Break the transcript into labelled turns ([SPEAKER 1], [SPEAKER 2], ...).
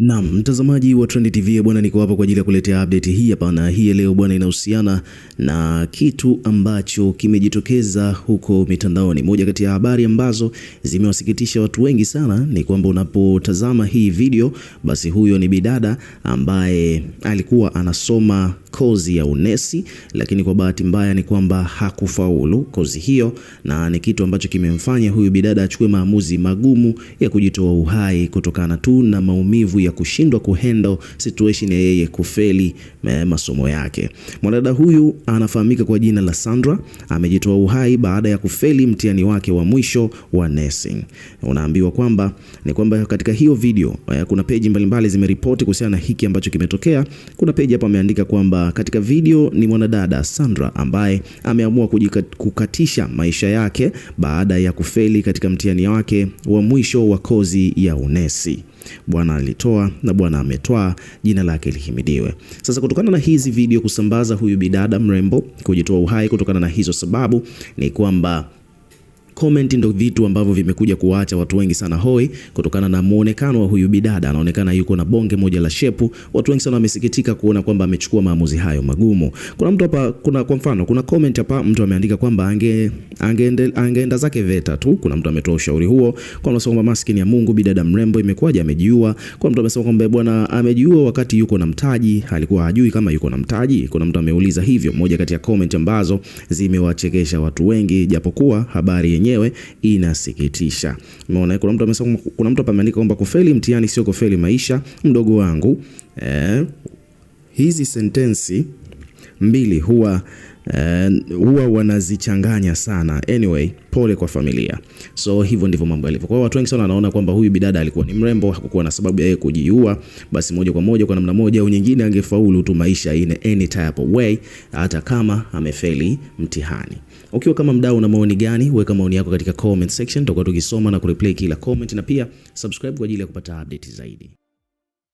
[SPEAKER 1] Naam, mtazamaji wa Trend TV bwana, niko hapa kwa ajili ya kuletea update hii hapa na hii leo bwana, inahusiana na kitu ambacho kimejitokeza huko mitandaoni. Moja kati ya habari ambazo zimewasikitisha watu wengi sana ni kwamba unapotazama hii video, basi huyo ni bidada ambaye alikuwa anasoma kozi ya unesi, lakini kwa bahati mbaya ni kwamba hakufaulu kozi hiyo, na ni kitu ambacho kimemfanya huyu bidada achukue maamuzi magumu ya kujitoa uhai kutokana tu na maumivu ya kushindwa kuhandle situation ya yeye kufeli eh, masomo yake. Mwanadada huyu anafahamika kwa jina la Sandra, amejitoa uhai baada ya kufeli mtihani wake wa mwisho wa nursing. Unaambiwa kwamba ni kwamba katika hiyo video eh, kuna peji mbalimbali zimeripoti kuhusiana na hiki ambacho kimetokea. Kuna peji hapa ameandika kwamba katika video ni mwanadada Sandra ambaye ameamua kukatisha maisha yake baada ya kufeli katika mtihani wake wa mwisho wa kozi ya unesi. Bwana alitoa na Bwana ametoa, jina lake lihimidiwe. Sasa kutokana na hizi video kusambaza huyu bidada mrembo kujitoa uhai kutokana na hizo sababu ni kwamba comment ndo vitu ambavyo vimekuja kuwacha watu wengi sana hoi, kutokana na muonekano wa huyu bidada. Anaonekana yuko na bonge moja la shepu. Watu wengi sana wamesikitika kuona kwamba amechukua maamuzi hayo magumu. Kuna mtu hapa, kuna kwa mfano, kuna comment hapa mtu ameandika kwamba ange angeenda ange zake VETA tu. Kuna mtu ametoa ushauri huo, kwa mtu kwamba maskini ya Mungu bidada mrembo imekuwaje amejiua. Kwa mtu amesema kwamba bwana amejiua wakati yuko na mtaji, alikuwa hajui kama yuko na mtaji. Kuna mtu ameuliza hivyo, moja kati ya comment ambazo zimewachekesha watu wengi, japokuwa habari yenyewe yenyewe inasikitisha. Umeona, kuna mtu amesema, kuna mtu ameandika kwamba kufeli mtihani sio kufeli maisha, mdogo wangu eh. Hizi sentensi mbili huwa uh, huwa wanazichanganya sana. Anyway, pole kwa familia. So hivyo ndivyo mambo yalivyo. Kwa watu wengi sana wanaona kwamba huyu bidada alikuwa ni mrembo, hakukuwa na sababu ya yeye kujiua, basi moja kwa moja, kwa namna moja au nyingine, angefaulu tu maisha in any type of way, hata kama amefeli mtihani. Ukiwa kama mdau, una maoni gani? Weka maoni yako katika comment section, tutakuwa tukisoma na kureplay kila comment, na pia subscribe kwa ajili ya kupata update zaidi.